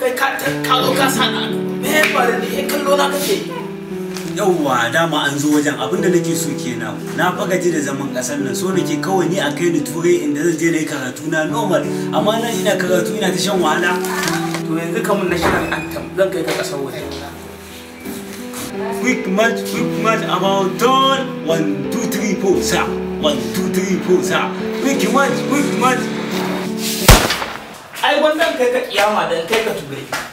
kai ka ka zo ka sana me ya faru ne kai kallo na kake yauwa dama an zo wajen abinda nake so kenan na fagaji da zaman kasar nan so nake kawai ni a kai ni turai inda zan je na yi karatu na normal amma nan ina karatu ina ta shan wahala to yanzu kamun national anthem zan kai ka kasar waje quick match quick match about done one two three four sir one two three four sir quick match quick match wannan kai ka kiyama dan kai ka turai